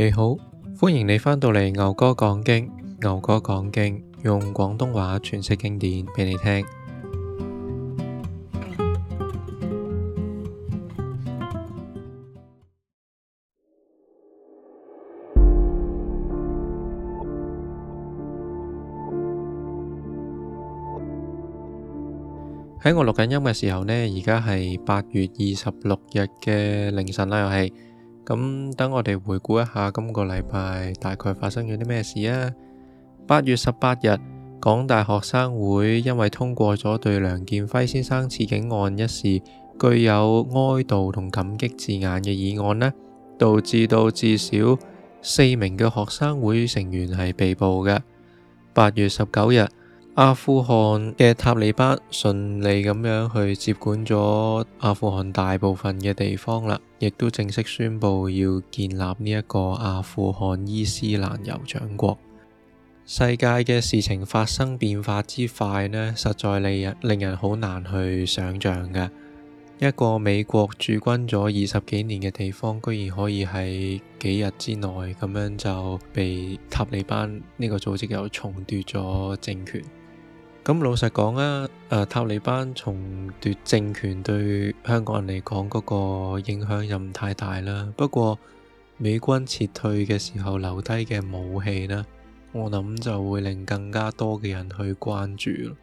你、hey, 好，歡迎你翻到嚟牛哥講經，牛哥講經，用廣東話詮釋經典畀你聽。喺 我錄緊音嘅時候呢，而家係八月二十六日嘅凌晨啦，又係。咁等我哋回顧一下今個禮拜大概發生咗啲咩事啊？八月十八日，港大學生會因為通過咗對梁建輝先生刺警案一事具有哀悼同感激字眼嘅議案，呢導致到至少四名嘅學生會成員係被捕嘅。八月十九日。阿富汗嘅塔利班順利咁樣去接管咗阿富汗大部分嘅地方啦，亦都正式宣佈要建立呢一個阿富汗伊斯蘭酋長國。世界嘅事情發生變化之快呢，實在令人令人好難去想象嘅。一個美國駐軍咗二十幾年嘅地方，居然可以喺幾日之內咁樣就被塔利班呢個組織又重奪咗政權。咁老實講啊，塔利班重奪政權對香港人嚟講嗰個影響又唔太大啦。不過美軍撤退嘅時候留低嘅武器呢，我諗就會令更加多嘅人去關注。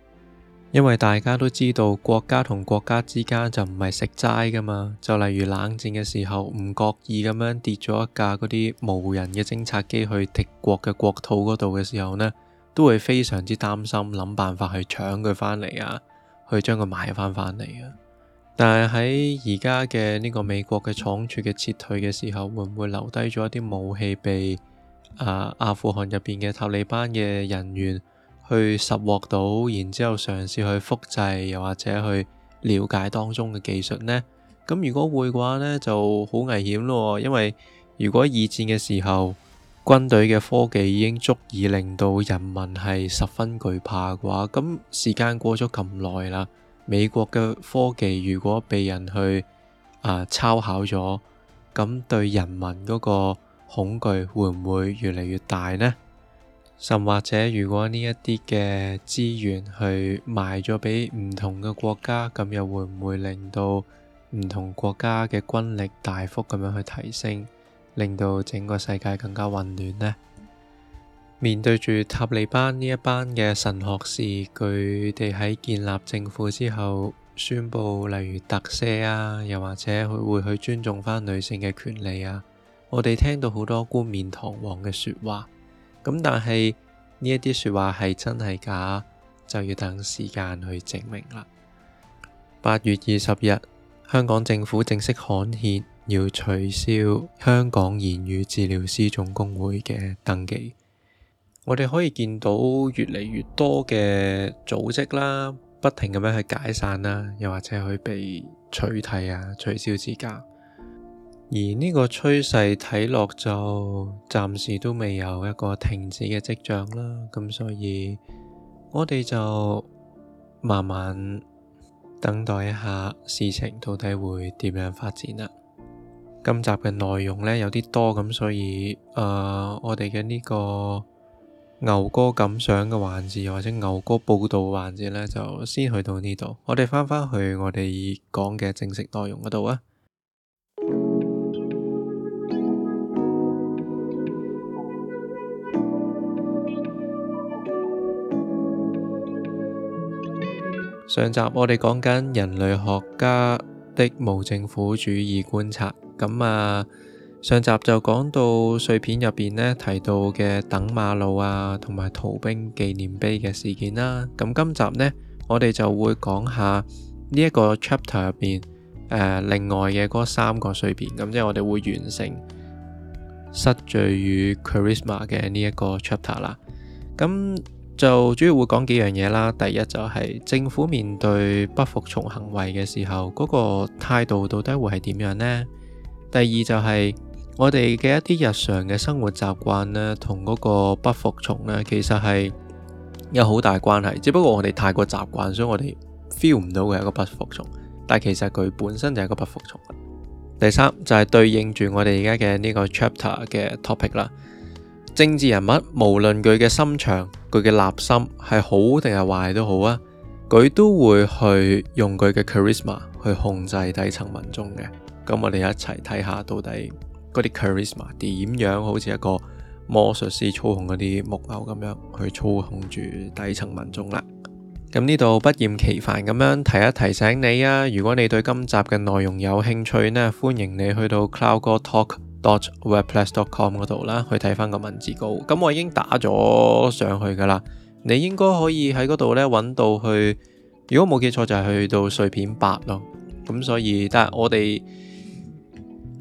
因為大家都知道國家同國家之間就唔係食齋噶嘛。就例如冷戰嘅時候，唔覺意咁樣跌咗一架嗰啲無人嘅偵察機去敵國嘅國土嗰度嘅時候呢。都會非常之擔心，諗辦法去搶佢翻嚟啊，去將佢買翻翻嚟啊。但係喺而家嘅呢個美國嘅倉促嘅撤退嘅時候，會唔會留低咗一啲武器俾啊阿富汗入邊嘅塔利班嘅人員去拾獲到，然之後嘗試去複製，又或者去了解當中嘅技術呢？咁如果會嘅話呢，就好危險咯，因為如果二戰嘅時候。軍隊嘅科技已經足以令到人民係十分懼怕嘅話，咁時間過咗咁耐啦。美國嘅科技如果被人去啊、呃、抄考咗，咁對人民嗰個恐懼會唔會越嚟越大呢？甚或者如果呢一啲嘅資源去賣咗俾唔同嘅國家，咁又會唔會令到唔同國家嘅軍力大幅咁樣去提升？令到整個世界更加混亂呢？面對住塔利班呢一班嘅神學士，佢哋喺建立政府之後，宣布例如特赦啊，又或者佢會會去尊重翻女性嘅權利啊。我哋聽到好多冠冕堂皇嘅説話，咁但係呢一啲説話係真係假，就要等時間去證明啦。八月二十日，香港政府正式刊憲。要取消香港言語治療師總工會嘅登記，我哋可以見到越嚟越多嘅組織啦，不停咁樣去解散啦，又或者去被取締啊、取消資格。而呢個趨勢睇落就暫時都未有一個停止嘅跡象啦，咁所以我哋就慢慢等待一下事情到底會點樣發展啦。今集嘅內容呢，有啲多，咁所以誒、呃，我哋嘅呢個牛哥感想嘅環節，或者牛哥報道環節呢，就先去到呢度。我哋翻返去我哋講嘅正式內容嗰度啊。 上集我哋講緊人類學家的無政府主義觀察。咁啊，上集就講到碎片入邊呢，提到嘅等馬路啊，同埋逃兵紀念碑嘅事件啦。咁今集呢，我哋就會講下呢一個 chapter 入邊誒，另外嘅嗰三個碎片。咁即係我哋會完成失序與 Charisma 嘅呢一個 chapter 啦。咁就主要會講幾樣嘢啦。第一就係政府面對不服從行為嘅時候，嗰、嗰個態度到底會係點樣呢？第二就係我哋嘅一啲日常嘅生活習慣呢，同嗰個不服從呢，其實係有好大關係。只不過我哋太過習慣，所以我哋 feel 唔到佢係一個不服從。但其實佢本身就係一個不服從。第三就係對應住我哋而家嘅呢個 chapter 嘅 topic 啦。政治人物無論佢嘅心腸、佢嘅立心係好定係壞都好啊，佢都會去用佢嘅 charisma 去控制底層民眾嘅。咁我哋一齊睇下到底嗰啲 charisma 點樣，好似一個魔術師操控嗰啲木偶咁樣去操控住底層民眾啦。咁呢度不厭其煩咁樣提一提醒你啊，如果你對今集嘅內容有興趣呢，歡迎你去到 cowgortalk.wordpress.com 度啦，去睇翻個文字稿。咁我已經打咗上去噶啦，你應該可以喺嗰度呢揾到去。如果冇記錯就係去到碎片八咯。咁所以，但係我哋。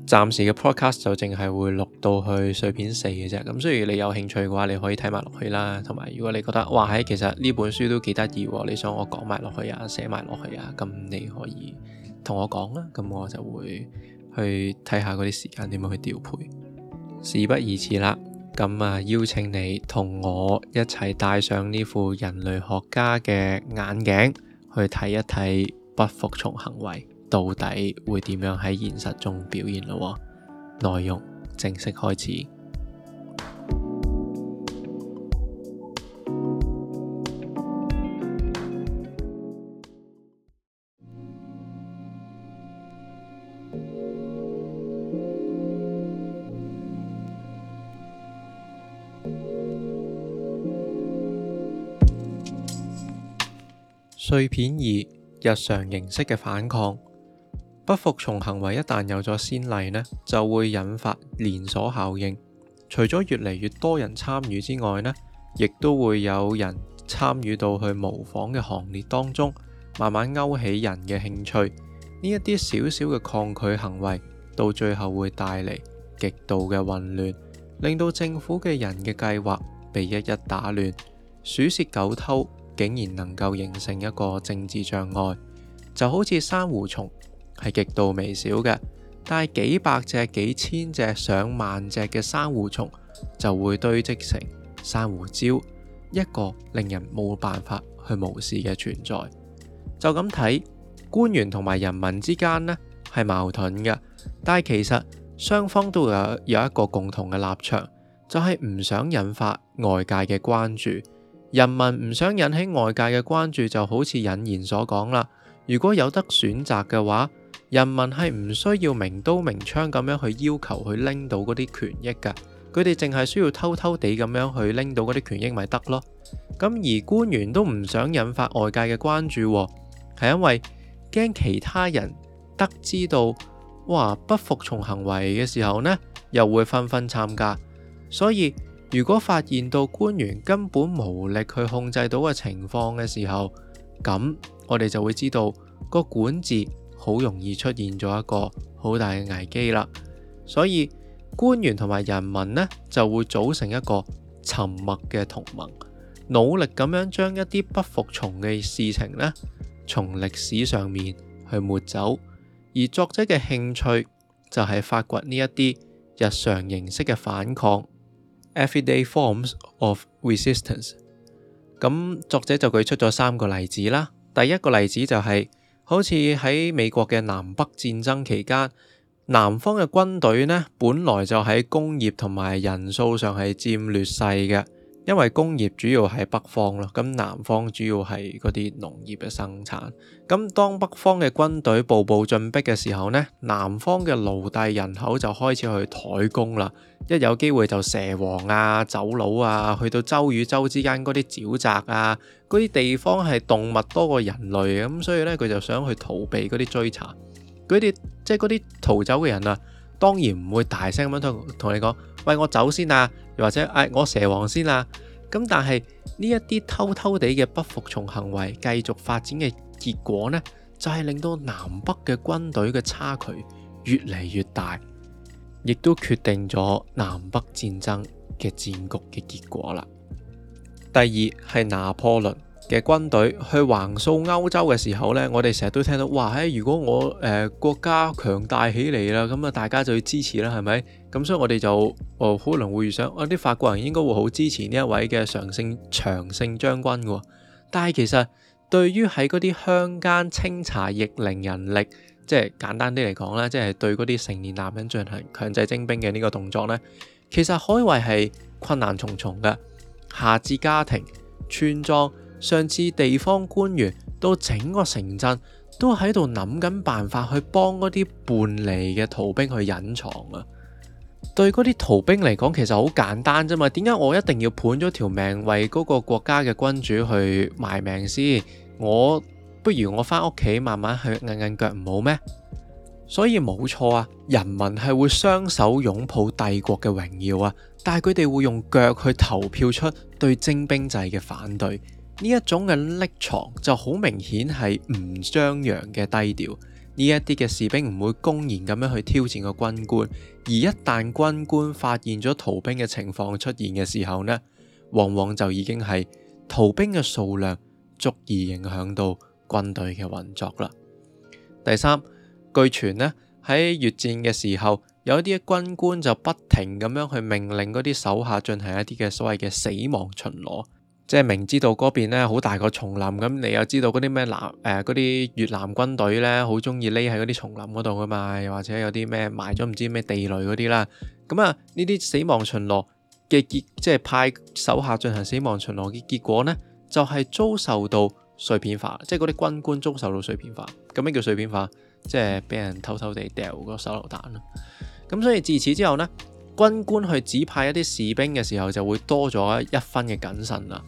暫時嘅 podcast 就淨係會錄到去碎片四嘅啫，咁所以你有興趣嘅話，你可以睇埋落去啦。同埋，如果你覺得哇喺，其實呢本書都幾得意，你想我講埋落去啊，寫埋落去啊，咁你可以同我講啦。啊，咁我就會去睇下嗰啲時間點樣去調配。事不宜遲啦，咁啊，邀請你同我一齊戴上呢副人類學家嘅眼鏡，去睇一睇不服從行為。到底會點樣喺現實中表現咯？內容正式開始。碎片二：日常形式嘅反抗。不服從行為一旦有咗先例呢，就會引發連鎖效應。除咗越嚟越多人參與之外呢，呢亦都會有人參與到去模仿嘅行列當中，慢慢勾起人嘅興趣。呢一啲小小嘅抗拒行為到最後會帶嚟極度嘅混亂，令到政府嘅人嘅計劃被一一打亂。鼠竊狗偷，竟然能夠形成一個政治障礙，就好似珊瑚蟲，係極度微小嘅，但係幾百隻、幾千隻、上萬隻嘅珊瑚蟲就會堆積成珊瑚礁，一個令人冇辦法去無視嘅存在。就咁睇，官員同埋人民之間呢係矛盾嘅，但係其實雙方都有有一個共同嘅立場，就係、是、唔想引發外界嘅關注。人民唔想引起外界嘅關注，就好似引言所講啦。如果有得選擇嘅話。人民係唔需要明刀明槍咁樣去要求去拎到嗰啲權益㗎，佢哋淨係需要偷偷地咁樣去拎到嗰啲權益咪得咯。咁而官員都唔想引發外界嘅關注，係因為驚其他人得知到嘩，不服從行為嘅時候呢，又會紛紛參加。所以如果發現到官員根本無力去控制到嘅情況嘅時候，咁我哋就會知道個管治，好容易出現咗一個好大嘅危機啦，所以官員同埋人民呢就會組成一個沉默嘅同盟，努力咁樣將一啲不服從嘅事情呢從歷史上面去抹走。而作者嘅興趣就係發掘呢一啲日常形式嘅反抗 （everyday forms of resistance）。咁作者就舉出咗三個例子啦。第一個例子就係。好似喺美國嘅南北戰爭期間，南方嘅軍隊呢，本來就喺工業同埋人數上係佔劣勢嘅。因為工業主要喺北方咯，咁南方主要係嗰啲農業嘅生產。咁當北方嘅軍隊步步進逼嘅時候呢，南方嘅奴隸人口就開始去抬工啦。一有機會就蛇王啊、走佬啊，去到州與州之間嗰啲沼澤啊，嗰啲地方係動物多過人類，咁所以呢，佢就想去逃避嗰啲追查。嗰啲即係嗰啲逃走嘅人啊。當然唔會大聲咁樣同你講，喂，我走先啊，又或者誒、哎、我蛇王先啊，咁但係呢一啲偷偷地嘅不服從行為繼續發展嘅結果呢，就係、是、令到南北嘅軍隊嘅差距越嚟越大，亦都決定咗南北戰爭嘅戰局嘅結果啦。第二係拿破崙。嘅軍隊去橫掃歐洲嘅時候呢，我哋成日都聽到哇！喺如果我誒、呃、國家強大起嚟啦，咁啊大家就要支持啦，係咪？咁所以我哋就哦、呃、可能會遇上啊啲、呃、法國人應該會好支持呢一位嘅常勝長勝將軍嘅。但係其實對於喺嗰啲鄉間清查役齡人力，即係簡單啲嚟講咧，即、就、係、是、對嗰啲成年男人進行強制徵兵嘅呢個動作呢，其實可以話係困難重重嘅，下至家庭、村莊。上次地方官員到整個城鎮都喺度諗緊辦法，去幫嗰啲叛離嘅逃兵去隱藏啊。對嗰啲逃兵嚟講，其實好簡單啫嘛。點解我一定要判咗條命為嗰個國家嘅君主去賣命先？我不如我翻屋企慢慢去硬硬硬腳唔好咩？所以冇錯啊，人民係會雙手擁抱帝國嘅榮耀啊，但係佢哋會用腳去投票出對徵兵制嘅反對。呢一種嘅匿藏就好明顯係唔張揚嘅低調，呢一啲嘅士兵唔會公然咁樣去挑戰個軍官，而一旦軍官發現咗逃兵嘅情況出現嘅時候呢，往往就已經係逃兵嘅數量足以影響到軍隊嘅運作啦。第三，據傳呢喺越戰嘅時候，有一啲嘅軍官就不停咁樣去命令嗰啲手下進行一啲嘅所謂嘅死亡巡邏。即係明知道嗰邊咧好大個叢林，咁你又知道嗰啲咩南誒啲、呃、越南軍隊咧好中意匿喺嗰啲叢林嗰度噶嘛，又或者有啲咩埋咗唔知咩地雷嗰啲啦，咁啊呢啲死亡巡邏嘅結，即係派手下進行死亡巡邏嘅結果咧，就係、係、遭受到碎片化，即係嗰啲軍官遭受到碎片化。咁咩叫碎片化？即係俾人偷偷地掉個手榴彈啦。咁所以自此之後咧，軍官去指派一啲士兵嘅時候就會多咗一分嘅謹慎啦。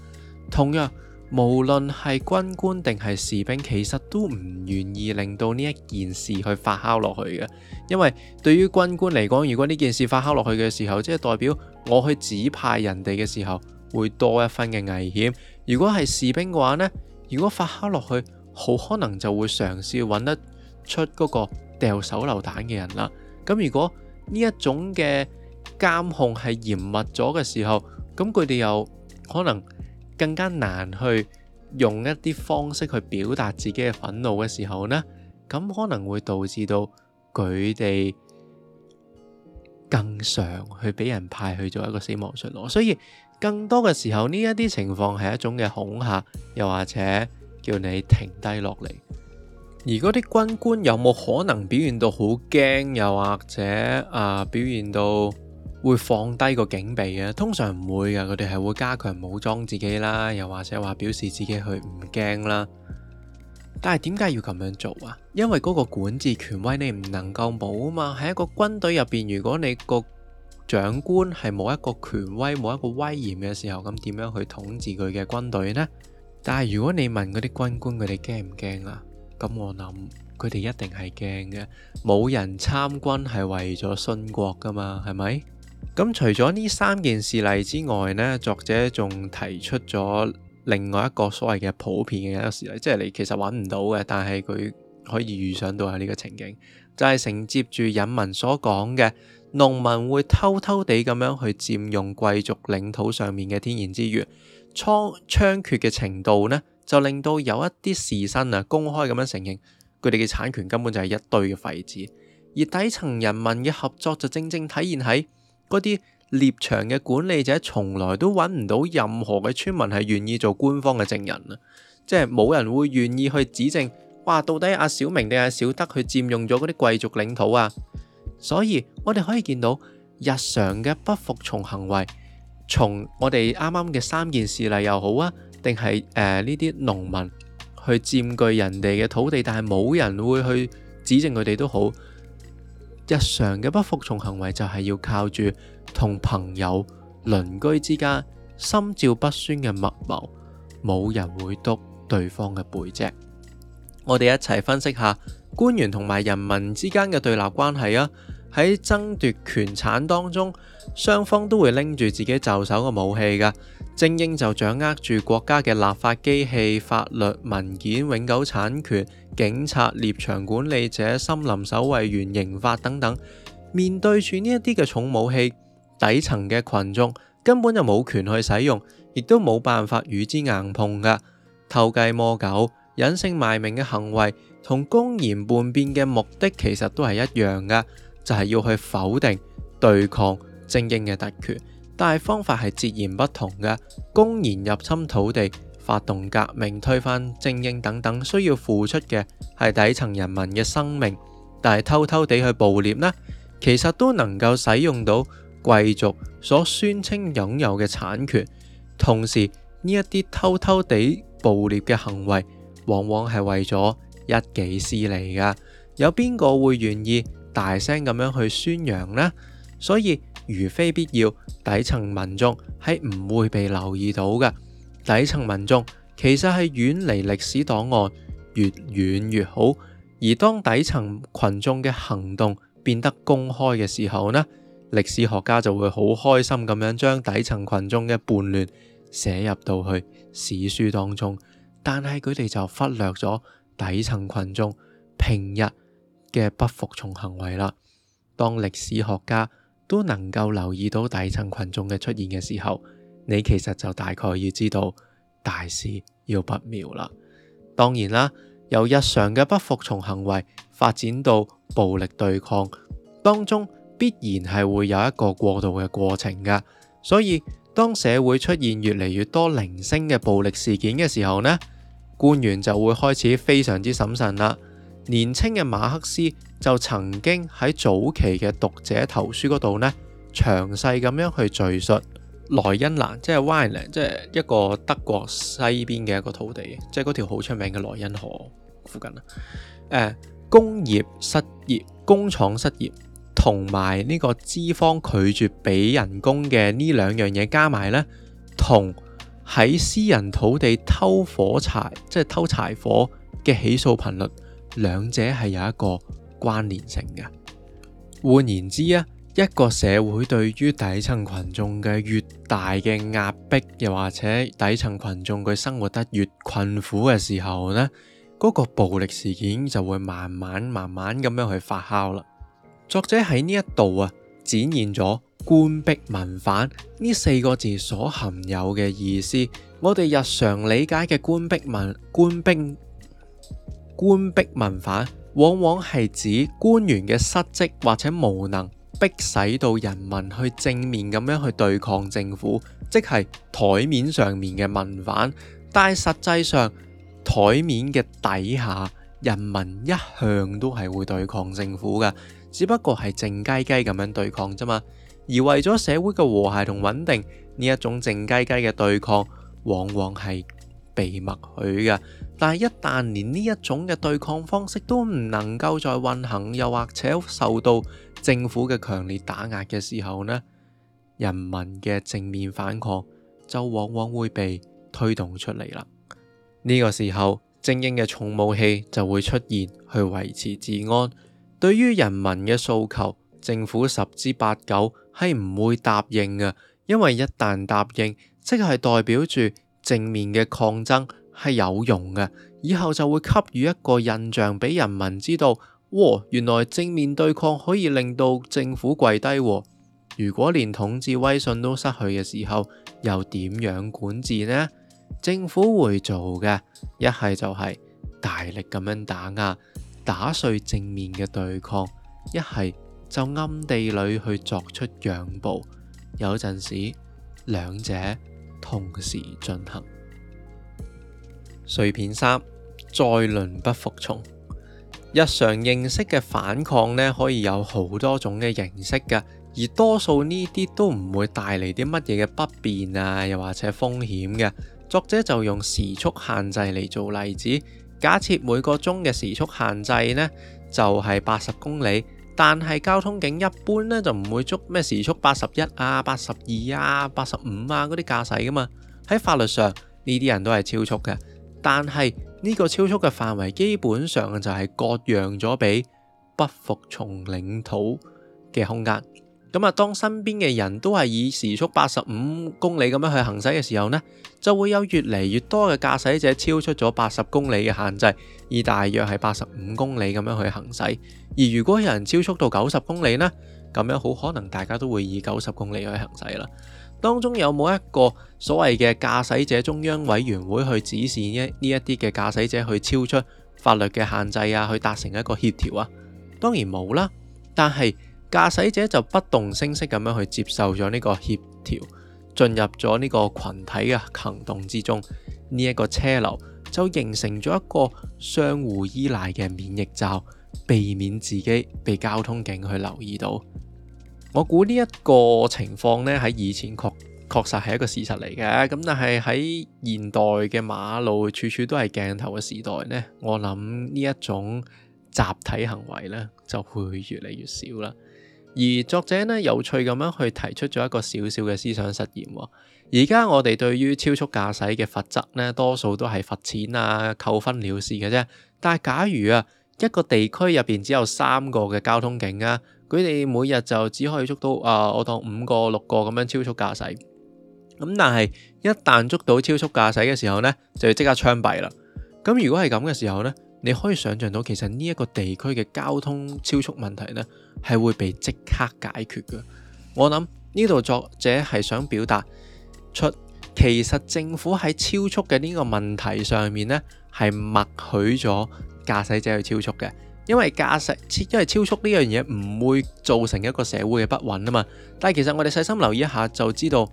同樣，無論係軍官定係士兵，其實都唔願意令到呢一件事去發酵落去嘅。因為對於軍官嚟講，如果呢件事發酵落去嘅時候，即係代表我去指派人哋嘅時候會多一分嘅危險。如果係士兵嘅話呢，如果發酵落去，好可能就會嘗試揾得出嗰個掉手榴彈嘅人啦。咁如果呢一種嘅監控係嚴密咗嘅時候，咁佢哋又可能，更加難去用一啲方式去表達自己嘅憤怒嘅時候呢，咁可能會導致到佢哋更常去俾人派去做一個死亡巡邏，所以更多嘅時候呢一啲情況係一種嘅恐嚇，又或者叫你停低落嚟。而嗰啲軍官有冇可能表現到好驚？又或者啊，表現到？會放低個警備嘅啊，通常唔會噶，佢哋係會加強武裝自己啦，又或者話表示自己去唔驚啦。但係點解要咁樣做啊？因為嗰個管治權威你唔能夠冇啊嘛。喺一個軍隊入邊，如果你個長官係冇一個權威、冇一個威嚴嘅時候，咁點樣去統治佢嘅軍隊呢？但係如果你問嗰啲軍官，佢哋驚唔驚啊？咁我諗佢哋一定係驚嘅。冇人參軍係為咗殉國噶嘛，係咪？咁、嗯、除咗呢三件事例之外呢，作者仲提出咗另外一個所謂嘅普遍嘅一個事例，即係你其實揾唔到嘅，但係佢可以預想到係呢個情景，就係、是、承接住引文所講嘅農民會偷偷地咁樣去佔用貴族領土上面嘅天然資源，倉猖、猖獗嘅程度呢，就令到有一啲士紳啊，公開咁樣承認，佢哋嘅產權根本就係一堆嘅廢紙，而底層人民嘅合作就正正體現喺。嗰啲獵場嘅管理者，從來都揾唔到任何嘅村民係願意做官方嘅證人啊！即係冇人會願意去指證，哇！到底阿小明定阿小德去佔用咗嗰啲貴族領土啊？所以我哋可以見到日常嘅不服從行為，從我哋啱啱嘅三件事例又好啊，定係誒呢啲農民去佔據人哋嘅土地，但係冇人會去指證佢哋都好。日常嘅不服從行為就係要靠住同朋友、鄰居之間心照不宣嘅密謀，冇人會督對方嘅背脊。 我哋一齊分析下官員同埋人民之間嘅對立關係啊！喺爭奪權產當中，雙方都會拎住自己就手嘅武器㗎。精英就掌握住國家嘅立法機器、法律文件、永久產權、警察、獵場管理者、森林守衛員、刑法等等。面對住呢一啲嘅重武器，底層嘅群眾根本就冇權去使用，亦都冇辦法與之硬碰嘅。偷雞摸狗、隱姓埋名嘅行為，同公然叛變嘅目的，其實都係一樣嘅，就係、是、要去否定、對抗精英嘅特權。但係方法係截然不同嘅，公然入侵土地、發動革命、推翻精英等等，需要付出嘅係底層人民嘅生命。但係偷偷地去捕獵呢，其實都能夠使用到貴族所宣稱擁有嘅產權。同時呢一啲偷偷地捕獵嘅行為，往往係為咗一己私利噶。有邊個會願意大聲咁樣去宣揚呢？所以如非必要。底層民眾係唔會被留意到嘅，底層民眾其實係遠離歷史檔案，越遠越好。而當底層群眾嘅行動變得公開嘅時候呢，歷史學家就會好開心咁樣將底層群眾嘅叛亂寫入到去史書當中，但係佢哋就忽略咗底層群眾平日嘅不服從行為啦。當歷史學家。都能夠留意到底層群眾嘅出現嘅時候，你其實就大概要知道大事要不妙啦。當然啦，由日常嘅不服從行為發展到暴力對抗，當中必然係會有一個過渡嘅過程㗎。所以當社會出現越嚟越多零星嘅暴力事件嘅時候呢，官員就會開始非常之審慎啦。年青嘅馬克思就曾經喺早期嘅讀者投書嗰度呢，詳細咁樣去敘述萊茵蘭，即係 Wine，即係一個德國西邊嘅一個土地，即係嗰條好出名嘅萊茵河附近啦、呃。工業失業、工廠失業，同埋呢個資方拒絕俾人工嘅呢兩樣嘢加埋呢，同喺私人土地偷火柴，即係偷柴火嘅起訴頻率。兩者係有一個關聯性嘅。換言之啊，一個社會對於底層群眾嘅越大嘅壓迫，又或者底層群眾佢生活得越困苦嘅時候呢，嗰個暴力事件就會慢慢慢慢咁樣去發酵啦。作者喺呢一度啊，展現咗官逼民反呢四個字所含有嘅意思。我哋日常理解嘅官逼民官兵。官逼民反往往係指官員嘅失職或者無能，逼使到人民去正面咁樣去對抗政府，即係台面上面嘅民反。但係實際上，台面嘅底下，人民一向都係會對抗政府嘅，只不過係靜雞雞咁樣對抗啫嘛。而為咗社會嘅和諧同穩定，呢一種靜雞雞嘅對抗，往往係。被默許嘅，但係一旦連呢一種嘅對抗方式都唔能夠再運行，又或者受到政府嘅強烈打壓嘅時候呢？人民嘅正面反抗就往往會被推動出嚟啦。呢個時候，精英嘅重武器就會出現去維持治安，對於人民嘅訴求，政府十之八九係唔會答應嘅，因為一旦答應，即係代表住。正面嘅抗爭係有用嘅，以後就會給予一個印象俾人民知道，哇，哦，原來正面對抗可以令到政府跪低，哦。如果連統治威信都失去嘅時候，又點樣管治呢？政府會做嘅一係就係大力咁樣打壓，打碎正面嘅對抗；一係就暗地裏去作出讓步。有陣時兩者。同時進行。碎片三，再論不服從。日常認識嘅反抗呢，可以有好多種嘅形式㗎，而多數呢啲都唔會帶嚟啲乜嘢嘅不便啊，又或者風險嘅。作者就用時速限制嚟做例子，假設每個鐘嘅時，時速限制呢，就係八十公里。但係交通警一般咧，就唔會捉咩時速八十一啊、八十二啊、八十五啊嗰啲駕駛噶嘛，喺法律上呢啲人都係超速嘅，但係呢個超速嘅範圍基本上就係割讓咗俾不服從領土嘅空間。咁啊，當身邊嘅人都係以時速八十五公里咁樣去行駛嘅時候呢，就會有越嚟越多嘅駕駛者超出咗八十公里嘅限制，以大約係八十五公里咁樣去行駛。而如果有人超速到九十公里呢，咁樣好可能大家都會以九十公里去行駛啦。當中有冇一個所謂嘅駕駛者中央委員會去指示呢呢一啲嘅駕駛者去超出法律嘅限制啊，去達成一個協調啊？當然冇啦，但係。駕駛者就不動聲色咁樣去接受咗呢個協調，進入咗呢個群體嘅行動之中，呢一個車流就形成咗一個相互依賴嘅免疫罩，避免自己被交通警去留意到。我估呢一個情況呢，喺以前確確實係一個事實嚟嘅，咁但係喺現代嘅馬路處處都係鏡頭嘅時代呢，我諗呢一種集體行為呢，就會越嚟越少啦。而作者呢，有趣咁樣去提出咗一個小小嘅思想實驗。而家我哋對於超速駕駛嘅罰則呢，多數都係罰錢啊、扣分了事嘅啫。但係假如啊，一個地區入邊只有三個嘅交通警啊，佢哋每日就只可以捉到啊，我當五個六個咁樣超速駕駛。咁但係一旦捉到超速駕駛嘅時候呢，就要即刻槍斃啦。咁如果係咁嘅時候呢？你可以想像到，其實呢一個地區嘅交通超速問題呢，係會被即刻解決嘅。我諗呢度作者係想表達出，其實政府喺超速嘅呢個問題上面呢，係默許咗駕駛者去超速嘅，因為駕駛，因為超速呢樣嘢唔會造成一個社會嘅不穩啊嘛。但係其實我哋細心留意一下就知道，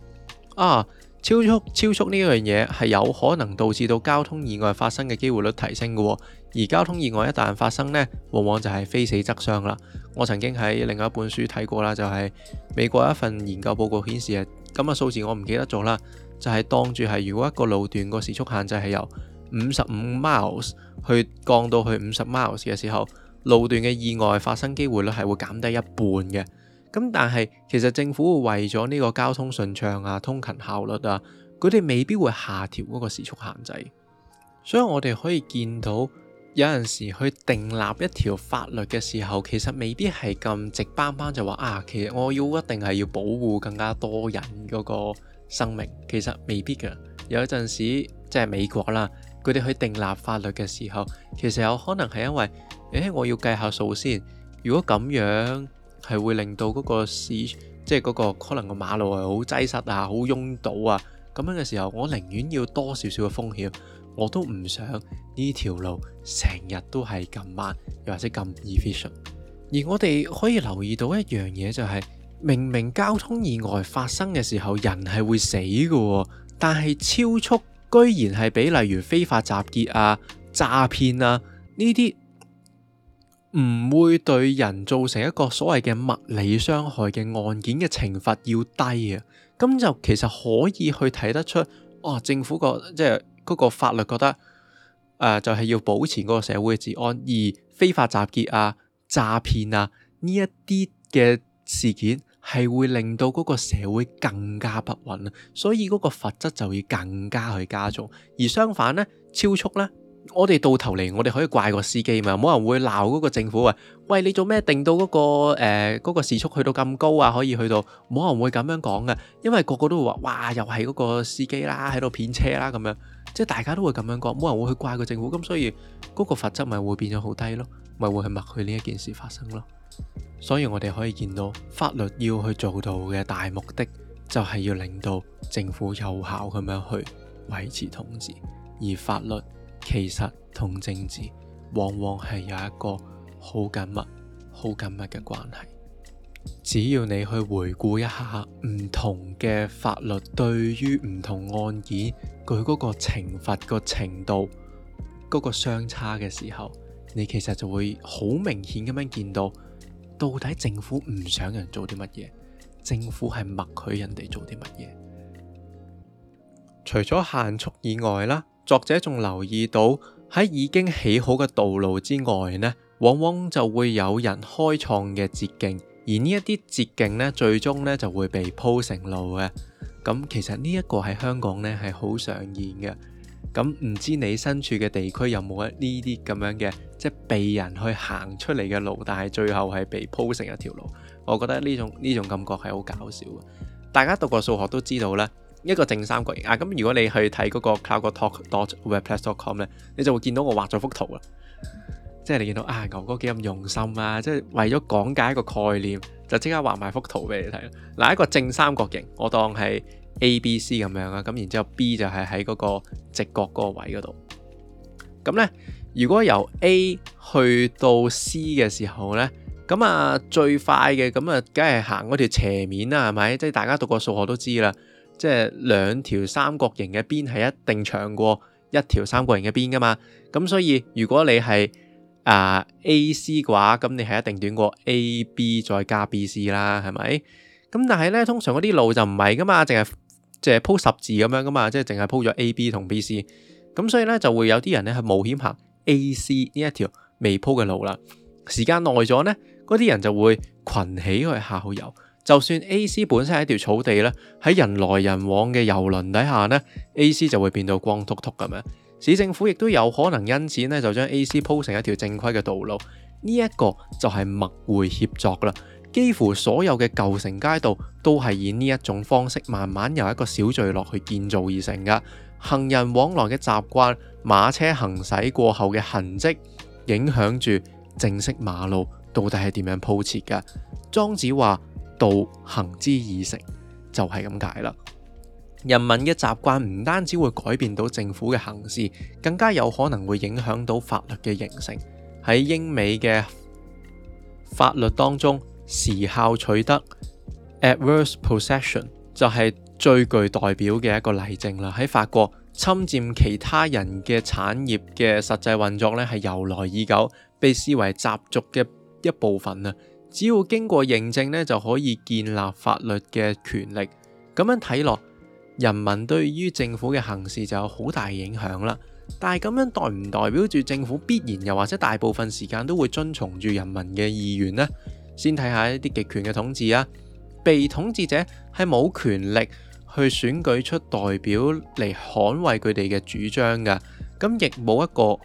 啊，超速超速呢樣嘢係有可能導致到交通意外發生嘅機會率提升嘅喎。而交通意外一旦發生呢，往往就係非死則傷啦。我曾經喺另外一本書睇過啦，就係美國一份研究報告顯示啊，咁嘅數字我唔記得咗啦，就係當住係如果一個路段個時速限制係由五十五 miles 去降到去五十 miles 嘅時候，路段嘅意外發生機會率係會減低一半嘅。咁但係其實政府會為咗呢個交通順暢啊、通勤效率啊，佢哋未必會下調嗰個時速限制，所以我哋可以見到。有陣時去訂立一條法律嘅時候，其實未必係咁直板板就話啊！其實我要一定係要保護更加多人嗰個生命，其實未必嘅。有陣時即係美國啦，佢哋去訂立法律嘅時候，其實有可能係因為誒、哎，我要計下數先。如果咁樣係會令到嗰個市，即係嗰個可能個馬路係好擠塞啊，好擁堵啊。咁樣嘅時候，我寧願要多少少嘅風險，我都唔想呢條路成日都係咁慢，又或者咁 efficient。而我哋可以留意到一樣嘢、就是，就係明明交通意外發生嘅時候，人係會死㗎、哦，但係超速居然係比例如非法集結啊、詐騙啊呢啲唔會對人造成一個所謂嘅物理傷害嘅案件嘅懲罰要低啊。咁就其實可以去睇得出，哇、哦！政府個即係嗰個法律覺得，誒、呃、就係要保持嗰個社會嘅治安，而非法集結啊、詐騙啊呢一啲嘅事件，係會令到嗰個社會更加不穩，所以嗰個罰則就會更加去加重。而相反呢，超速呢。我哋到頭嚟，我哋可以怪個司機嘛？冇人會鬧嗰個政府啊！喂，你做咩定到嗰個、誒、呃、嗰個時速去到咁高啊？可以去到，冇人會咁樣講嘅、啊，因為個個都會話：哇，又係嗰個司機啦，喺度騙車啦，咁樣，即係大家都會咁樣講，冇人會去怪個政府。咁所以嗰個、嗰個罰則咪會變咗好低咯，咪會去默許呢一件事發生咯。所以我哋可以見到法律要去做到嘅大目的，就係、係、要令到政府有效咁樣去維持統治，而法律。其實同政治往往係有一個好緊密、好緊密嘅關係。只要你去回顧一下唔同嘅法律對於唔同案件佢嗰個懲罰個程度嗰個相差嘅時候，你其實就會好明顯咁樣見到，到底政府唔想人做啲乜嘢，政府係默許人哋做啲乜嘢。除咗限速以外啦。作者仲留意到喺已經起好嘅道路之外呢，往往就會有人開創嘅捷徑，而呢一啲捷徑呢，最終呢就會被鋪成路嘅。咁、嗯、其實呢一個喺香港呢係好上演嘅。咁、嗯、唔知你身處嘅地區有冇一呢啲咁樣嘅，即係被人去行出嚟嘅路，但係最後係被鋪成一條路。我覺得呢種呢種感覺係好搞笑嘅。大家讀過數學都知道啦。一個正三角形啊！咁如果你去睇嗰個 cowgortalk.wordpress.com 咧，你就會見到我畫咗幅圖啦。即係你見到啊，牛哥幾咁用心啊！即係為咗講解一個概念，就即刻畫埋幅圖俾你睇啦。嗱，啊，一個正三角形，我當係 A、B、C 咁樣啦。咁然之後 B 就係喺嗰個直角個位嗰度。咁咧，如果由 A 去到 C 嘅時候咧，咁啊最快嘅咁啊，梗係行嗰條斜面啦，係咪？即係大家讀過數學都知啦。即係兩條三角形嘅邊係一定長過一條三角形嘅邊噶嘛，咁所以如果你係啊、呃、AC 嘅話，咁你係一定短過 AB 再加 BC 啦，係咪？咁但係咧，通常嗰啲路就唔係噶嘛，淨係淨係鋪十字咁樣噶嘛，即係淨係鋪咗 AB 同 BC，咁所以咧就會有啲人咧去冒險行 AC 呢一條未鋪嘅路啦。時間耐咗咧，嗰啲人就會群起去效尤。就算 A C 本身係條草地呢喺人來人往嘅遊輪底下呢 a C 就會變到光禿禿咁樣。市政府亦都有可能因此呢，就將 A C 鋪成一條正規嘅道路。呢、這、一個就係默回協作啦。幾乎所有嘅舊城街道都係以呢一種方式慢慢由一個小聚落去建造而成嘅。行人往來嘅習慣、馬車行駛過後嘅痕跡，影響住正式馬路到底係點樣鋪設嘅？莊子話。道行之以成，就係咁解啦。人民嘅習慣唔單止會改變到政府嘅行事，更加有可能會影響到法律嘅形成。喺英美嘅法律當中，時效取得 adverse possession 就係最具代表嘅一個例證啦。喺法國，侵占其他人嘅產業嘅實際運作呢，係由來已久，被視為習俗嘅一部分啊。只要經過認證呢，就可以建立法律嘅權力。咁樣睇落，人民對於政府嘅行事就有好大影響啦。但係咁樣代唔代表住政府必然又或者大部分時間都會遵從住人民嘅意願呢？先睇下一啲極權嘅統治啊，被統治者係冇權力去選舉出代表嚟捍衞佢哋嘅主張㗎，咁亦冇一個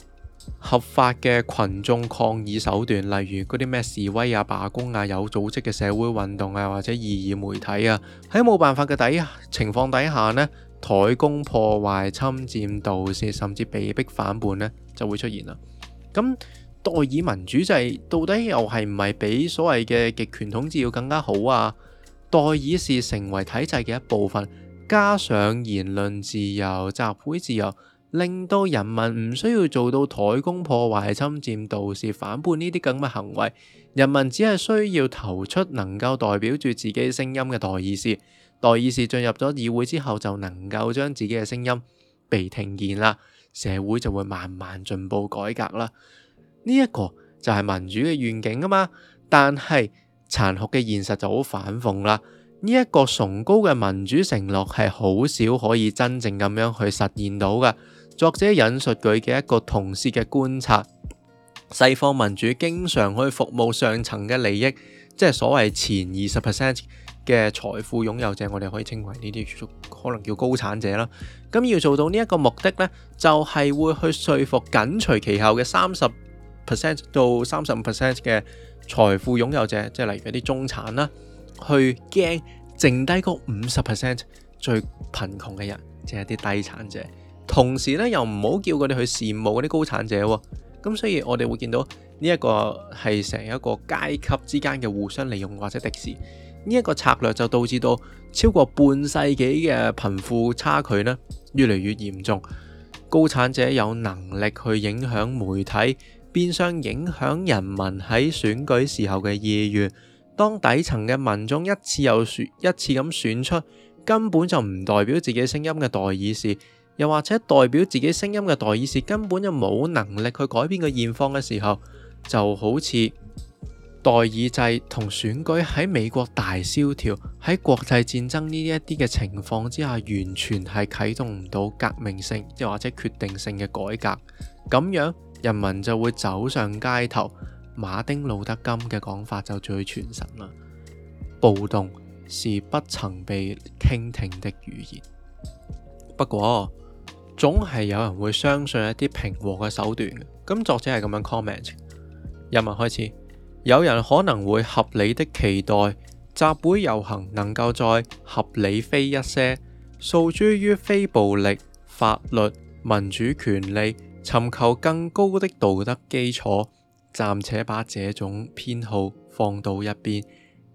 合法嘅群眾抗議手段，例如嗰啲咩示威啊、罷工啊、有組織嘅社會運動啊，或者異議媒體啊，喺冇辦法嘅底下情況底下呢，怠工破壞、侵占、盜竊，甚至被逼反叛呢，就會出現啦。咁代議民主制到底又係唔係比所謂嘅極權統治要更加好啊？代議是成為體制嘅一部分，加上言論自由、集會自由，令到人民唔需要做到怠工破壞、侵占、盜竊、反叛呢啲咁嘅行為，人民只係需要投出能夠代表住自己聲音嘅代議士。代議士進入咗議會之後，就能夠將自己嘅聲音被聽見啦，社會就會慢慢進步改革啦。呢一個就係民主嘅願景啊嘛，但係殘酷嘅現實就好反諷啦。呢一個崇高嘅民主承諾係好少可以真正咁樣去實現到嘅。作者引述佢嘅一個同事嘅觀察，西方民主經常去服務上層嘅利益，即係所謂前二十 percent 嘅財富擁有者，我哋可以稱為呢啲可能叫高產者啦。咁要做到呢一個目的咧，就係會去說服緊隨其後嘅三十 percent 到三十五 percent 嘅財富擁有者，即係例如一啲中產啦，去驚剩低個五十 percent 最貧窮嘅人，即係啲低產者。同時咧，又唔好叫佢哋去羨慕嗰啲高產者喎、哦。咁所以我哋會見到呢、這個、一個係成一個階級之間嘅互相利用或者敵視。呢、這、一個策略就導致到超過半世紀嘅貧富差距咧越嚟越嚴重。高產者有能力去影響媒體，變相影響人民喺選舉時候嘅意願。當底層嘅民眾一次又選一次咁選出，根本就唔代表自己聲音嘅代議士。又或者代表自己聲音嘅代議士根本就冇能力去改變個現況嘅時候，就好似代議制同選舉喺美國大蕭條、喺國際戰爭呢一啲嘅情況之下，完全係啟動唔到革命性，即或者決定性嘅改革。咁樣人民就會走上街頭。馬丁路德金嘅講法就最傳神啦！暴動是不曾被傾聽的語言。不過，總係有人會相信一啲平和嘅手段嘅。咁作者係咁樣 comment。入文開始，有人可能會合理的期待集會遊行能夠再合理非一些，訴諸於非暴力、法律、民主權利，尋求更高的道德基礎。暫且把這種偏好放到一邊，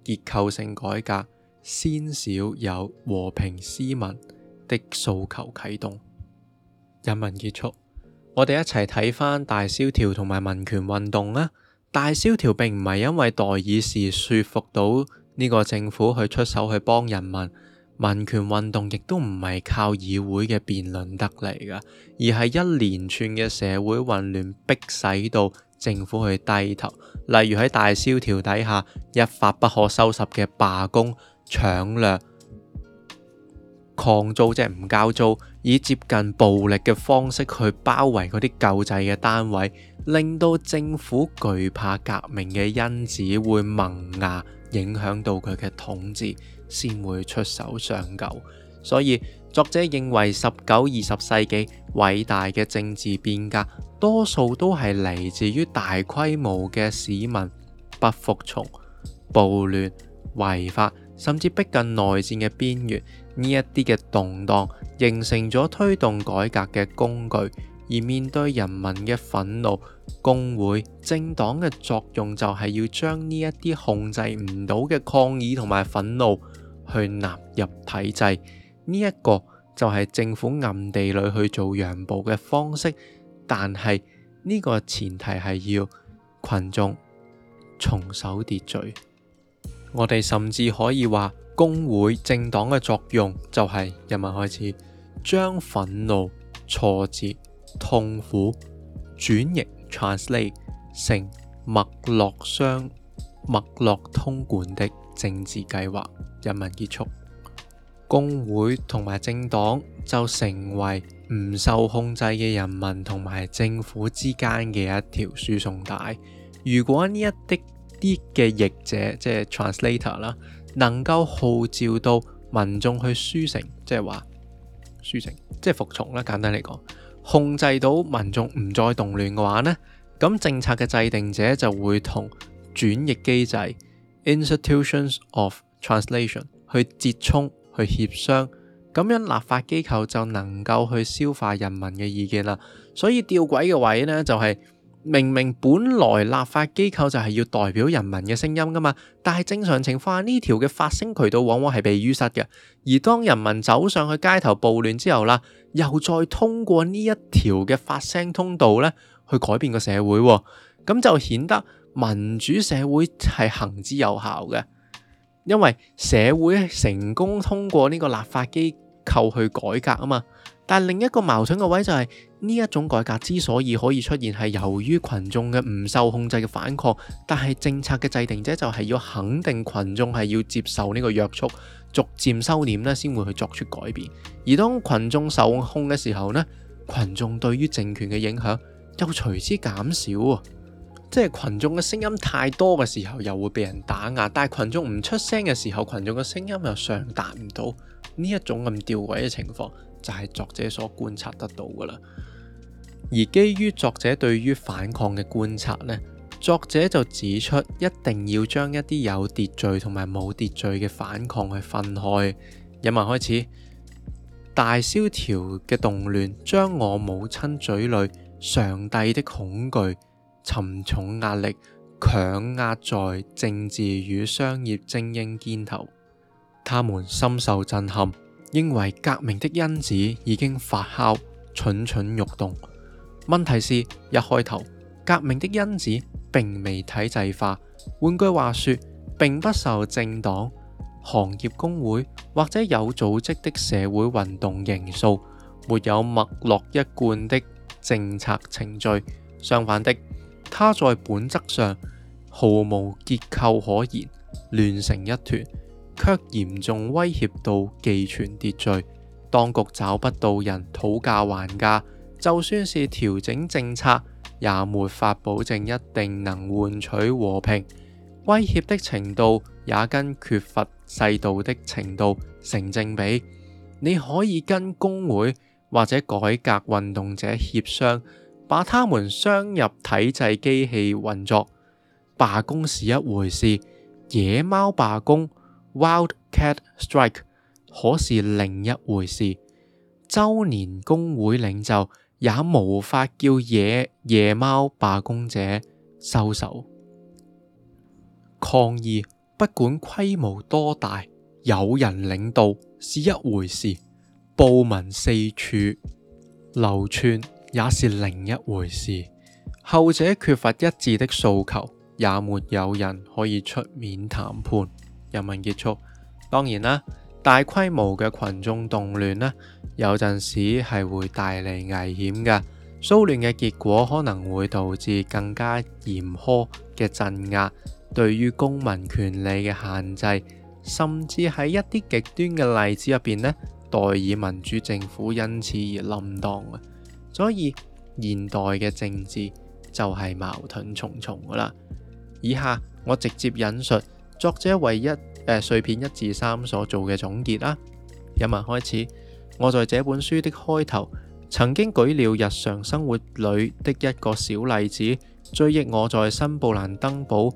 結構性改革先少有和平斯文的訴求啟動。人民結束，我哋一齊睇翻大蕭條同埋民權運動啦。大蕭條並唔係因為代議士説服到呢個政府去出手去幫人民，民權運動亦都唔係靠議會嘅辯論得嚟嘅，而係一連串嘅社會混亂迫使到政府去低頭。例如喺大蕭條底下一發不可收拾嘅罷工、搶掠。抗租即唔交租，以接近暴力嘅方式去包圍嗰啲救濟嘅單位，令到政府懼怕革命嘅因子會萌芽，影響到佢嘅統治，先會出手上救。所以作者認為十九二十世紀偉大嘅政治變革，多數都係嚟自於大規模嘅市民不服從、暴亂、違法，甚至逼近內戰嘅邊緣。呢一啲嘅動盪形成咗推動改革嘅工具，而面對人民嘅憤怒，工會、政黨嘅作用就係要將呢一啲控制唔到嘅抗議同埋憤怒去納入體制。呢一個就係政府暗地裏去做讓步嘅方式，但係呢個前提係要群眾重守秩序。我哋甚至可以話，工會、政黨嘅作用就係人民開始將憤怒、挫折、痛苦轉型 （translate） 成麥洛商、麥洛通管的政治計劃。人民結束，工會同埋政黨就成為唔受控制嘅人民同埋政府之間嘅一條輸送帶。如果呢一啲啲嘅譯者即係 translator 啦，就是、trans ator, 能夠號召到民眾去輸成，即係話輸成，即係服從啦。簡單嚟講，控制到民眾唔再動亂嘅話呢，咁政策嘅制定者就會同轉譯機制 （institutions of translation） 去接觸、去協商，咁樣立法機構就能夠去消化人民嘅意見啦。所以吊詭嘅位呢，就係、是。明明本來立法機構就係要代表人民嘅聲音噶嘛，但係正常情況下呢條嘅發聲渠道往往係被淤塞嘅，而當人民走上去街頭暴亂之後啦，又再通過呢一條嘅發聲通道咧去改變個社會啊，咁就顯得民主社會係行之有效嘅，因為社會成功通過呢個立法機構去改革啊嘛。但另一個矛盾嘅位就係呢一種改革之所以可以出現，係由於群眾嘅唔受控制嘅反抗。但係政策嘅制定者就係要肯定群眾係要接受呢個約束，逐漸收斂呢先會去作出改變。而當群眾受控嘅時候呢，群眾對於政權嘅影響又隨之減少。即係群眾嘅聲音太多嘅時候，又會被人打壓。但係群眾唔出聲嘅時候，群眾嘅聲音又上達唔到。呢一種咁吊詭嘅情況。就係作者所觀察得到噶啦，而基於作者對於反抗嘅觀察呢，作者就指出，一定要將一啲有秩序同埋冇秩序嘅反抗去分開。引文開始，大蕭條嘅動亂將我母親嘴裏上帝的恐懼、沉重壓力強壓在政治與商業精英肩頭，他們深受震撼。認為革命的因子已經發酵，蠢蠢欲動。問題是，一開頭革命的因子並未體制化，換句話說，並不受政黨、行業工會或者有組織的社會運動因素，沒有脈絡一貫的政策程序。相反的，它在本質上毫無結構可言，亂成一團。卻嚴重威脅到既存秩序，當局找不到人討價還價，就算是調整政策，也沒法保證一定能換取和平。威脅的程度也跟缺乏制度的程度成正比。你可以跟工會或者改革運動者協商，把他們鑲入體制機器運作。罷工是一回事，野貓罷工，Wildcat strike 可是另一回事，周年工會領袖也無法叫野野貓罷工者收手。抗議不管規模多大，有人領導是一回事，暴民四處流竄也是另一回事。後者缺乏一致的訴求，也沒有人可以出面談判。人民結束，當然啦，大規模嘅群眾動亂咧，有陣時係會帶嚟危險嘅。騷亂嘅結果可能會導致更加嚴苛嘅鎮壓，對於公民權利嘅限制，甚至喺一啲極端嘅例子入邊咧，代議民主政府因此而冧檔啊！所以現代嘅政治就係矛盾重重噶啦。以下我直接引述。作者唯一誒碎、呃、片一至三所做嘅總結啦，引文開始。我在這本書的開頭曾經舉了日常生活裏的一個小例子，追憶我在新布蘭登堡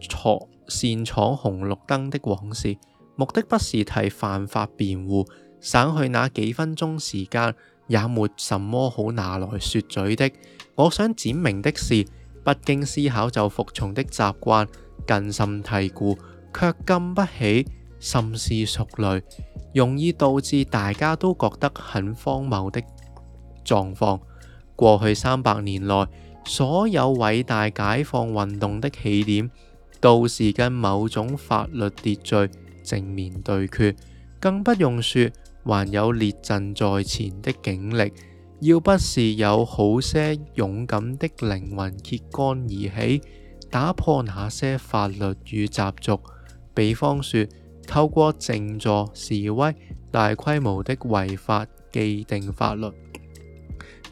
闖擅闖紅綠燈的往事，目的不是提犯法辯護，省去那幾分鐘時間也沒什麼好拿來説嘴的。我想展明的是，不經思考就服從的習慣，根深蒂固，卻禁不起深思熟慮，容易導致大家都覺得很荒謬的狀況。過去三百年來，所有偉大解放運動的起點，都是跟某種法律秩序正面對決，更不用說還有列陣在前的警力。要不是有好些勇敢的靈魂揭竿而起。打破那些法律與習俗，比方說，透過靜坐、示威、大規模的違法既定法律，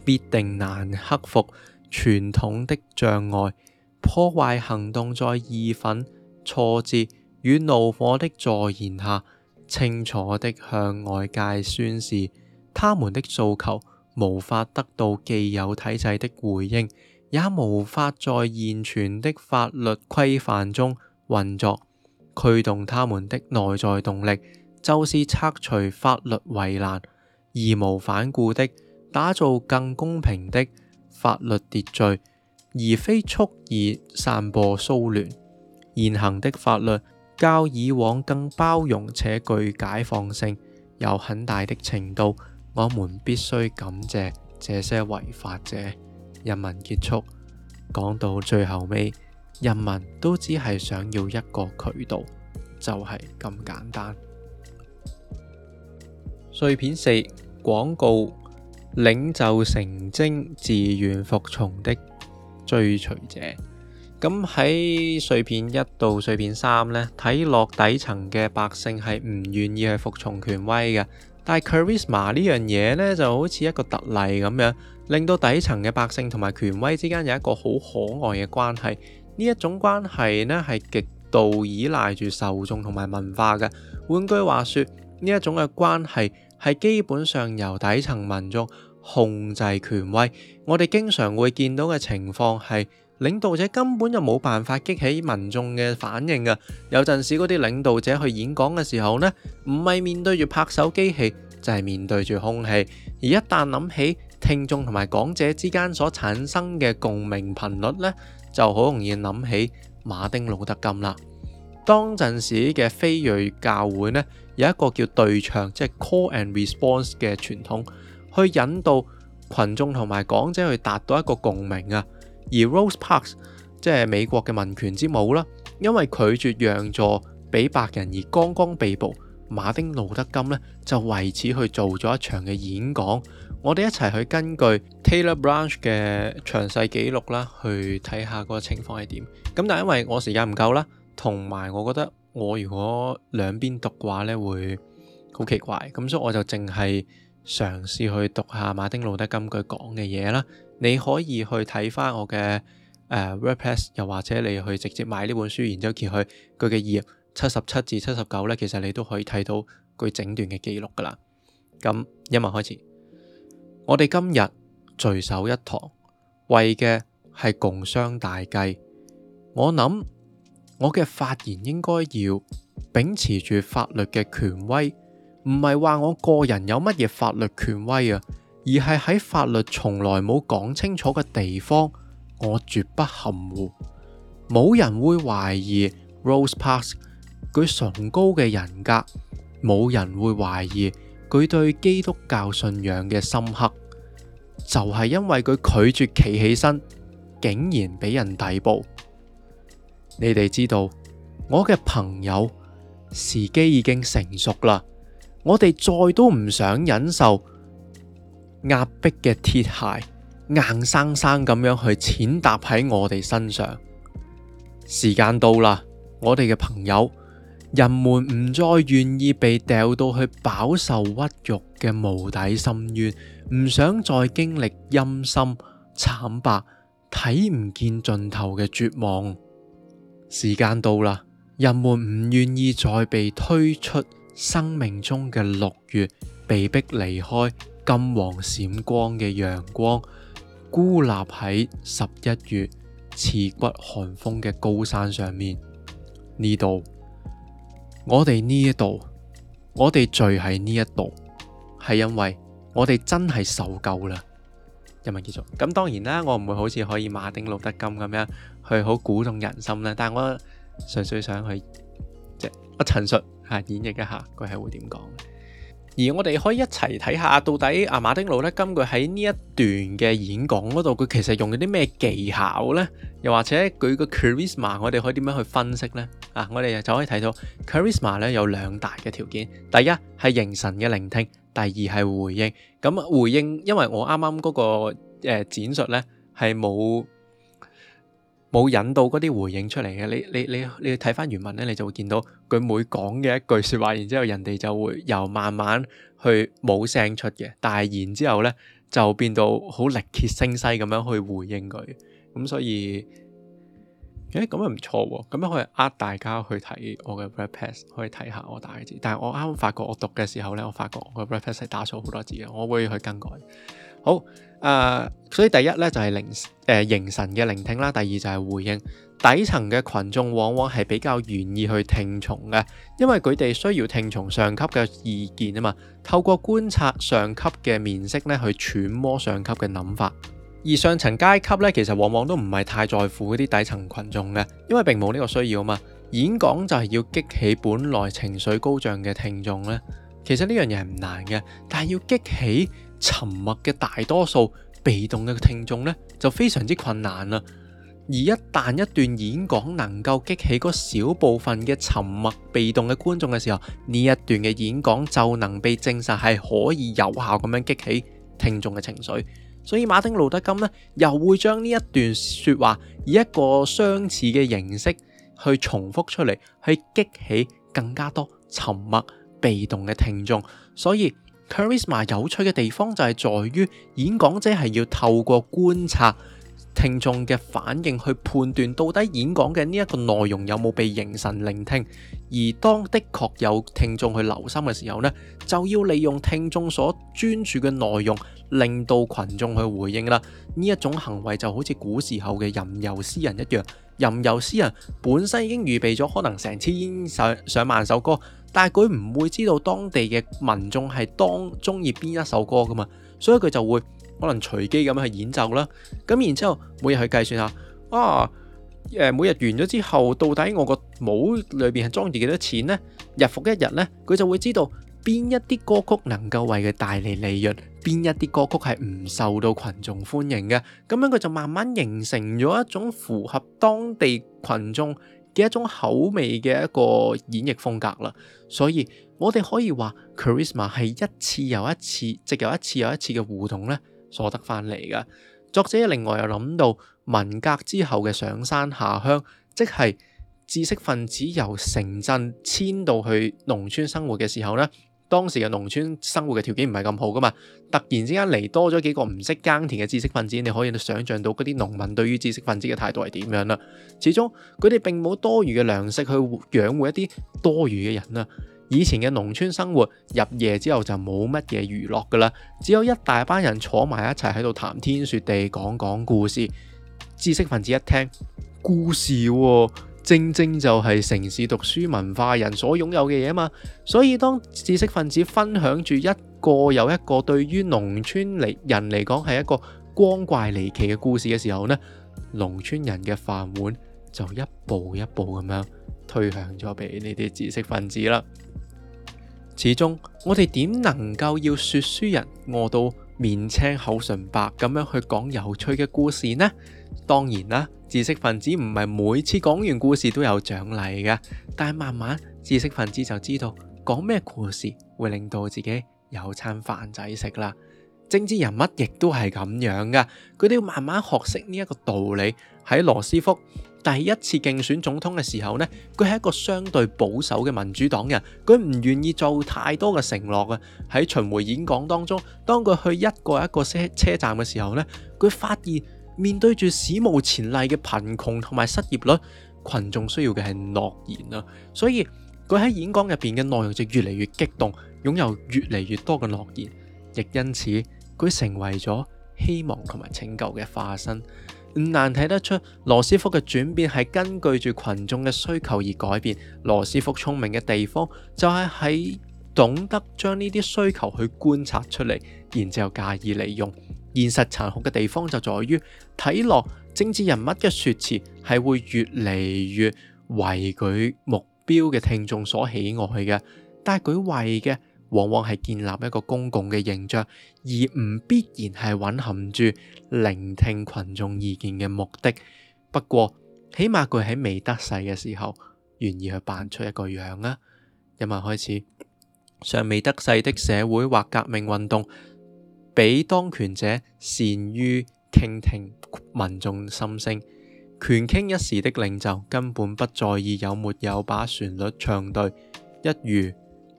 必定難克服傳統的障礙。破壞行動在義憤、挫折與怒火的助言下，清楚的向外界宣示他們的訴求無法得到既有體制的回應，也無法在現存的法律規範中運作，驅動他們的內在動力，就是拆除法律圍欄，義無反顧的打造更公平的法律秩序，而非蓄意散播騷亂。現行的法律較以往更包容且具解放性，有很大的程度，我們必須感謝這些違法者。人民結束講到最後尾，人民都只係想要一個渠道，就係咁簡單。碎片四，廣告領袖成精，自願服從的追隨者。咁喺碎片一到碎片三呢，睇落底層嘅百姓係唔願意去服從權威嘅，但係 Charisma 呢樣嘢呢，就好似一個特例咁樣。令到底層嘅百姓同埋權威之間有一個好可愛嘅關係，呢一種關係呢，係極度依賴住受眾同埋文化嘅。換句話說，呢一種嘅關係係基本上由底層民眾控制權威。我哋經常會見到嘅情況係領導者根本就冇辦法激起民眾嘅反應㗎。有陣時，嗰啲領導者去演講嘅時候呢，唔係面對住拍手機器，就係面對住空氣。而一旦諗起，聽眾同埋講者之間所產生嘅共鳴頻率呢，就好容易諗起馬丁路德金啦。當陣時嘅非裔教會呢，有一個叫對唱，即係 call and response 嘅傳統，去引導群眾同埋講者去達到一個共鳴啊。而 Rose Parks 即係美國嘅民權之母啦，因為拒絕讓座俾白人而剛剛被捕，馬丁路德金呢，就為此去做咗一場嘅演講。我哋一齊去根據 Taylor Branch 嘅詳細記錄啦，去睇下嗰個情況係點。咁但係因為我時間唔夠啦，同埋我覺得我如果兩邊讀嘅話咧，會好奇怪。咁所以我就淨係嘗試去讀下馬丁路德金佢講嘅嘢啦。你可以去睇翻我嘅誒 r e p a s s，又或者你去直接買呢本書，然之後揭去佢嘅頁七十七至七十九呢，其實你都可以睇到佢整段嘅記錄噶啦。咁一文開始。我哋今日聚首一堂，為嘅係共商大計。我諗我嘅發言應該要秉持住法律嘅權威，唔係話我個人有乜嘢法律權威啊，而係喺法律從來冇講清楚嘅地方，我絕不含糊。冇人會懷疑 Rose Parks 佢崇高嘅人格，冇人會懷疑佢對基督教信仰嘅深刻。就係因為佢拒絕企起身，竟然俾人逮捕。你哋知道，我嘅朋友，時機已經成熟啦，我哋再都唔想忍受壓迫嘅鐵鞋硬生生咁樣去踐踏喺我哋身上。時間到啦，我哋嘅朋友。人們唔再願意被掉到去飽受屈辱嘅無底深淵，唔想再經歷陰森慘白、睇唔見盡頭嘅絕望。時間到啦，人們唔願意再被推出生命中嘅六月，被迫離開金黃閃光嘅陽光，孤立喺十一月刺骨寒風嘅高山上面呢度。我哋呢一度，我哋聚喺呢一度，係因為我哋真係受夠啦。人物繼續，咁當然啦，我唔會好似可以馬丁路德金咁樣去好鼓動人心咧，但係我純粹想去即係我陳述吓演繹一下佢係會點講。而我哋可以一齊睇下，到底阿馬丁路咧，根據喺呢一段嘅演講嗰度，佢其實用咗啲咩技巧咧？又或者佢個 charisma，我哋可以點樣去分析咧？啊，我哋就可以睇到 charisma 咧，有兩大嘅條件，第一係凝神嘅聆聽，第二係回應。咁回應，因為我啱啱嗰個誒展述咧係冇。冇引到嗰啲回應出嚟嘅，你你你你睇翻原文咧，你就會見到佢每講嘅一句説話，然之後人哋就會由慢慢去冇聲出嘅，但係然之後咧就變到好力竭聲嘶咁樣去回應佢，咁所以誒咁又唔錯喎，咁可以呃大家去睇我嘅 rapass，可以睇下我打嘅字，但係我啱發覺我讀嘅時候咧，我發覺我嘅 rapass 係打錯好多字嘅，我會去更改。好，誒、呃，所以第一咧就係聆誒凝神嘅聆聽啦，第二就係回應。底層嘅群眾往往係比較願意去聽從嘅，因為佢哋需要聽從上級嘅意見啊嘛。透過觀察上級嘅面色咧，去揣摩上級嘅諗法。而上層階級咧，其實往往都唔係太在乎嗰啲底層群眾嘅，因為並冇呢個需要啊嘛。演講就係要激起本來情緒高漲嘅聽眾咧，其實呢樣嘢係唔難嘅，但係要激起。沉默嘅大多數被動嘅聽眾呢，就非常之困難啦。而一旦一段演講能夠激起嗰小部分嘅沉默被動嘅觀眾嘅時候，呢一段嘅演講就能被證實係可以有效咁樣激起聽眾嘅情緒。所以馬丁路德金呢，又會將呢一段說話以一個相似嘅形式去重複出嚟，去激起更加多沉默被動嘅聽眾。所以。Charisma 有趣嘅地方就係在於演講者係要透過觀察聽眾嘅反應，去判斷到底演講嘅呢一個內容有冇被凝神聆聽。而當的確有聽眾去留心嘅時候呢，就要利用聽眾所專注嘅內容，令到群眾去回應啦。呢一種行為就好似古時候嘅吟遊詩人一樣，吟遊詩人本身已經預備咗可能成千上上萬首歌。但係佢唔會知道當地嘅民眾係當中意邊一首歌㗎嘛，所以佢就會可能隨機咁去演奏啦。咁然之後每日去計算下，啊誒、呃、每日完咗之後，到底我個帽裏邊係裝住幾多錢呢？日復一日呢，佢就會知道邊一啲歌曲能夠為佢帶嚟利潤，邊一啲歌曲係唔受到群眾歡迎嘅。咁樣佢就慢慢形成咗一種符合當地群眾嘅一種口味嘅一個演繹風格啦，所以我哋可以話，Charisma 係一次又一次，藉由一次又一次嘅互動呢，所得翻嚟㗎。作者另外又諗到文革之後嘅上山下鄉，即係知識分子由城鎮遷到去農村生活嘅時候呢。當時嘅農村生活嘅條件唔係咁好噶嘛，突然之間嚟多咗幾個唔識耕田嘅知識分子，你可以想象到嗰啲農民對於知識分子嘅態度係點樣啦。始終佢哋並冇多餘嘅糧食去養活一啲多餘嘅人啦。以前嘅農村生活，入夜之後就冇乜嘢娛樂噶啦，只有一大班人坐埋一齊喺度談天說地，講講故事。知識分子一聽，故事喎、啊。正正就係城市讀書文化人所擁有嘅嘢嘛，所以當知識分子分享住一個又一個對於農村嚟人嚟講係一個光怪離奇嘅故事嘅時候呢，農村人嘅飯碗就一步一步咁樣推向咗俾呢啲知識分子啦。始終我哋點能夠要說書人餓到面青口唇白咁樣去講有趣嘅故事呢？當然啦。知識分子唔係每次講完故事都有獎勵嘅，但係慢慢知識分子就知道講咩故事會令到自己有餐飯仔食啦。政治人物亦都係咁樣㗎，佢哋要慢慢學識呢一個道理。喺羅斯福，第一次競選總統嘅時候呢，佢係一個相對保守嘅民主黨人，佢唔願意做太多嘅承諾呀。喺巡迴演講當中，當佢去一個一個車車站嘅時候呢，佢發現。面對住史無前例嘅貧窮同埋失業率，群眾需要嘅係諾言啊！所以佢喺演講入邊嘅內容就越嚟越激動，擁有越嚟越多嘅諾言，亦因此佢成為咗希望同埋拯救嘅化身。唔難睇得出羅斯福嘅轉變係根據住群眾嘅需求而改變。羅斯福聰明嘅地方就係喺懂得將呢啲需求去觀察出嚟，然之後加以利用。現實殘酷嘅地方就在於，睇落政治人物嘅説辭係會越嚟越為佢目標嘅聽眾所喜愛嘅，但係佢為嘅往往係建立一個公共嘅形象，而唔必然係蘊含住聆聽群眾意見嘅目的。不過，起碼佢喺未得勢嘅時候願意去扮出一個樣啊！一問開始，尚未得勢的社會或革命運動。比當權者善於傾聽民眾心聲，權傾一時的領袖根本不在意有沒有把旋律唱對。一如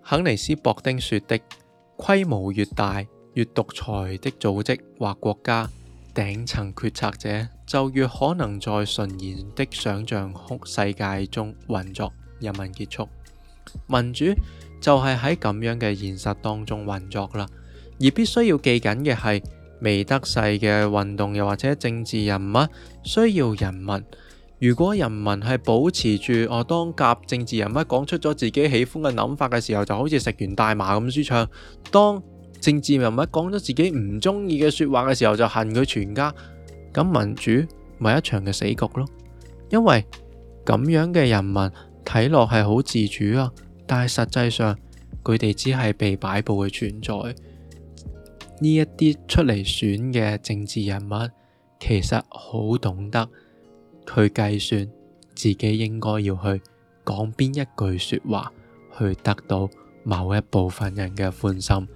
肯尼斯博丁說的，規模越大越獨裁的組織或國家，頂層決策者就越可能在純然的想象空世界中運作。人民結束民主就係喺咁樣嘅現實當中運作啦。而必須要記緊嘅係，未得勢嘅運動又或者政治人物需要人民。如果人民係保持住哦，當甲政治人物講出咗自己喜歡嘅諗法嘅時候，就好似食完大麻咁舒暢；當政治人物講咗自己唔中意嘅説話嘅時候，就恨佢全家。咁民主咪一場嘅死局咯，因為咁樣嘅人民睇落係好自主啊，但係實際上佢哋只係被擺佈嘅存在。呢一啲出嚟選嘅政治人物，其實好懂得去計算自己應該要去講邊一句說話，去得到某一部分人嘅歡心。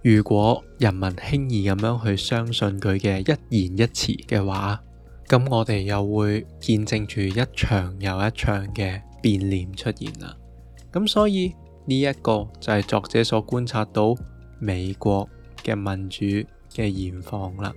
如果人民輕易咁樣去相信佢嘅一言一詞嘅話，咁我哋又會見證住一場又一場嘅變臉出現啦。咁所以呢一個就係作者所觀察到美國嘅民主嘅現況啦。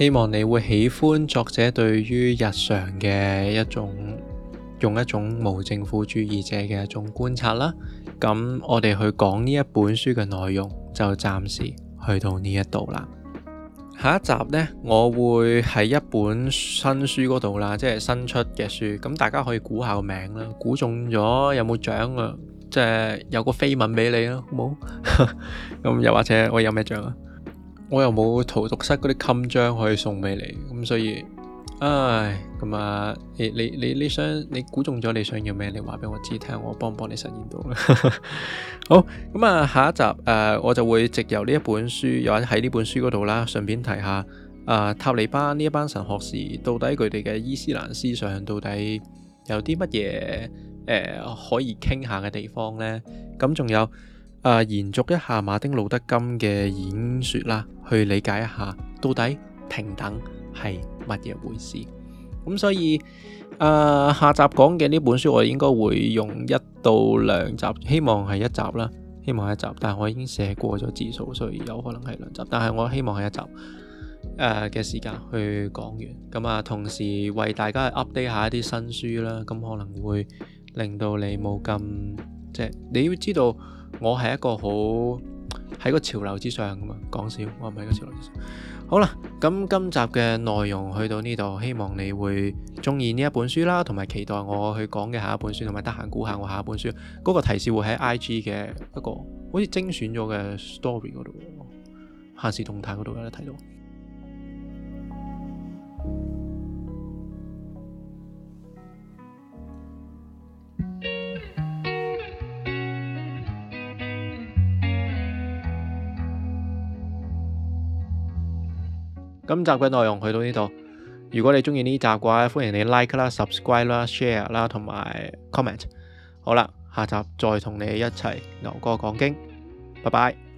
希望你會喜歡作者對於日常嘅一種，用一種無政府主義者嘅一種觀察啦。咁我哋去講呢一本書嘅內容，就暫時去到呢一度啦。下一集呢，我會喺一本新書嗰度啦，即係新出嘅書。咁大家可以估下個名啦，估中咗有冇獎啊？即係有個飛吻俾你啊，好冇？好？咁 又或者我有咩獎啊？我又冇圖讀室嗰啲襟章可以送俾你，咁所以，唉，咁啊，你你你你想，你估中咗你想要咩？你話俾我知，聽我幫唔幫你實現到啦。 好，咁啊，下一集誒、呃，我就會直由呢一本書，又或者喺呢本書嗰度啦，順便提下啊、呃，塔利班呢一班神學士到底佢哋嘅伊斯蘭思想到底有啲乜嘢誒可以傾下嘅地方呢？咁仲有。誒，延續一下馬丁路德金嘅演說啦，去理解一下到底平等係乜嘢回事。咁所以誒下集講嘅呢本書，我應該會用一到兩集，希望係一集啦，希望係一集，但係我已經寫過咗字數，所以有可能係兩集，但係我希望係一集誒嘅時間去講完。咁啊，同時為大家 update 下一啲新書啦，咁可能會令到你冇咁即係你要知道。我係一個好喺個潮流之上噶嘛，講笑，我唔係個潮流之上。好啦，咁今集嘅內容去到呢度，希望你會中意呢一本書啦，同埋期待我去講嘅下一本書，同埋得閒估下我下一本書。嗰個提示會喺 I G 嘅一個好似精選咗嘅 story 嗰度，限時動態嗰度有得睇到。今集嘅內容去到呢度，如果你中意呢集嘅話，歡迎你 like 啦、subscribe 啦、share 啦同埋 comment。好啦，下集再同你一齊牛哥講經，拜拜。